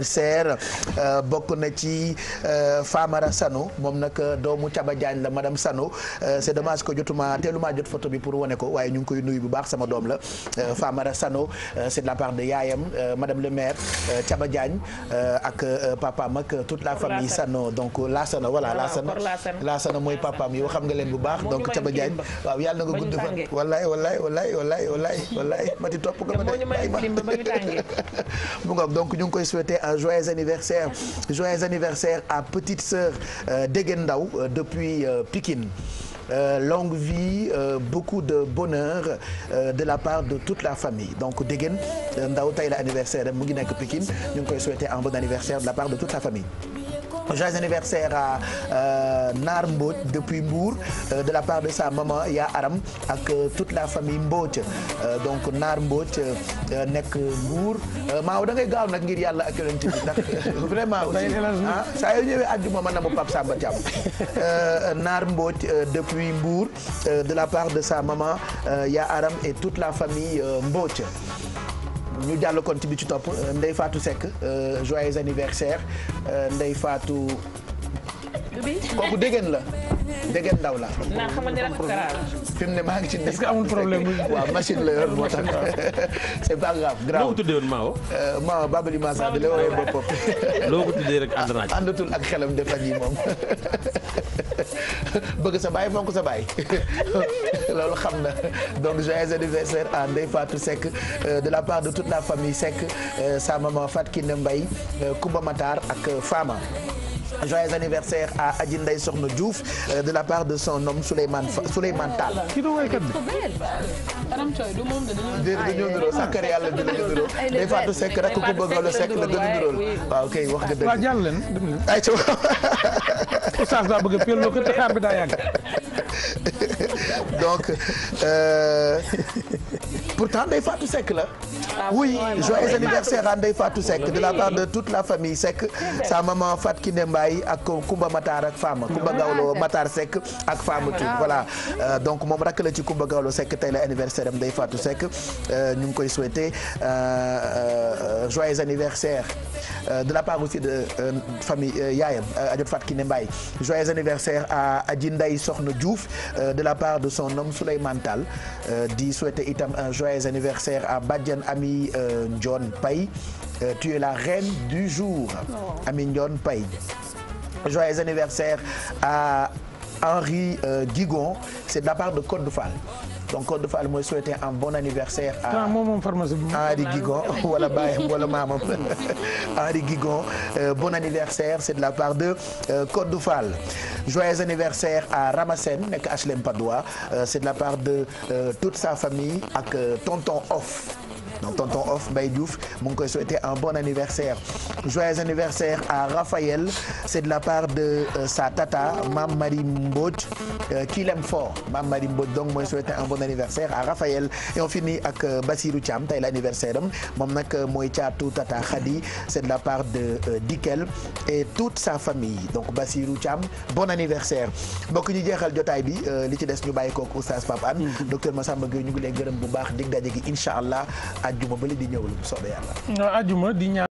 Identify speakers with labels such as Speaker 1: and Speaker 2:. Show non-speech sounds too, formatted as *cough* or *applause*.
Speaker 1: anniversaire euh, bokk na ci euh, Famara Sano moom nag euh, doomu Caba Diagne la madame Sano c'est dommage que jotuma teeluma jot photo bi pour wane ko waaye ñu ngi koy nuyu bu baax sama doom la faamara Sano c'est de la part de yaayam madame le maire Caba Diagne ak papaam ak toute la famille Sano donc Lassana voilà Lassana Lassana mooy papaam yow xam nga leen bu baax donc Caba Diagne waaw yàlla na nga gudd fan wallaay wallaay wallaay wallaay wallaay wallaay mati topp nga ma de *laughs* mu ngoog donc ñu ngi koy souhaiter joyeux anniversaire joyeux anniversaire à petite sœur euh, Degen Ndaw euh, depuis euh, Pikine Euh, longue vie euh, beaucoup de bonheur de la part de toute la famille donc Degen Ndaw tey la anniversaire mu ngi nekk Pikine ñu ngi koy souhaiter un bon anniversaire de la part de toute la famille joyeux anniversaire à euh, Naar Mbodj depuis Mbour euh, de la part de sa maman Ya Aram ak euh, toute la famille Mbodj donc Naar Mbodj nekk Mbour maa da ngay gaaw nag ngir yàlla ak yonent bi ndax vraiment aussi ah, saa yoo ñëwee àjjuma ma na mu Pape Samba Thiam *laughs* Naar Mbodj depuis Mbour de la part de sa maman Ya Aram et toute la famille Mbodj ñu jàll kon ci bi ci topp euh, Ndeye Fatou Seck euh, joyeux anniversaire euh, Ndeye faatu kooku dégg la. dégg ndaw la. naa ne fi mu ne maa ngi ci. ce que amul problème waaw machine la moo tax *laughs* c'est pas grave. grave loo euh, Babali Massa bi la woowee boppam. *laughs* loo ko tuddee rek ànd naa àndatul ak xelam de yi moom *laughs* bëgg sa baay fonk sa baay loolu xam na donc joyeux anniversaire à Ndeye Fatou Seck euh, de la part de toute la famille Seck euh, sa maman Fatou Kiné Mbaye Kumba Matar ak Fama. joyeux anniversaire à Adji Ndeye Sokhna Diouf euh, de la part de son homme Souleymane Souleymane Tall. kii du waykat bi. dañoo niroo sàkkar yàlla dañoo niroo day fàttu sekk rek ku bëgg lu sekk la gën a nirool waaw kay wax nga dëgg. waaw jàll leen dégg nga. ayca oustaz daa bëgg a pelloo ko te xaar bi daa yàgg. *laughs* donc. Euh, pourtant Ndeye Fatou Seck la. Ah, oui joyeux anniversaire à Ndeye Fatou Seck de la part de toute la famille Seck sa maman Fatou Kiné Mbaye ak Kumba Matar ak Fama Kumba Gawlo Matar Seck ak Fama Tour voilà euh, donc moom rakk la ci Kumba Gawlo Seck tey la anniversaire am Ndeye Fatou euh, ñu ngi koy souhaiter euh, joyeux anniversaire de la part aussi de famille yaayam Adjot Fatou Kiné Mbaye joyeux anniversaire à Adji Ndeye Sokhna Diouf de la part de son homme Souleymane di souhaiter itam joyeux anniversaire à Badiane Ami euh, John Paye. Euh, tu es la reine du jour. Oh. Ami John Paye. Joyeux anniversaire à Henri Guigon, euh, c'est de la part de Côte du Fall. donc Codé Fall mooy souhaiter un bon anniversaire. à ah, Henri Guigon *laughs* wala baayam wala maamam *laughs* Henri Guigon euh, bon anniversaire c'est de la part de euh, Codé Fall anniversaire à Ramassène nekk HLM euh, c'est de la part de toute sa famille ak tonton Off. donc tonton Off Mbaye mu ngi koy souhaiter un bon anniversaire joyeux anniversaire à Raphaël c'est de la part de sa tata Mame Marie Mbodj qui l'aime fort Mame Marie Mbodj donc mooy souhaiter un bon bon anniversaire à Raphaël et on finit ak euh, Basirou Thiam tey la anniversaire am moom nag euh, mooy caatu Tata Khadi c'est de la part de euh, Dikel et toute sa famille donc Basirou Thiam bon anniversaire mbokk ñu jeexal jotaay bi li ci des ñu bàyyi ko ak oustaz Pape Anne mm-hmm. docteur Massamba Gueye ñu ngi lee gërëm bu baax dig daje gi incha allah ajjuma ba li di ñëw lu soobee yàlla. ajjuma di ñaan.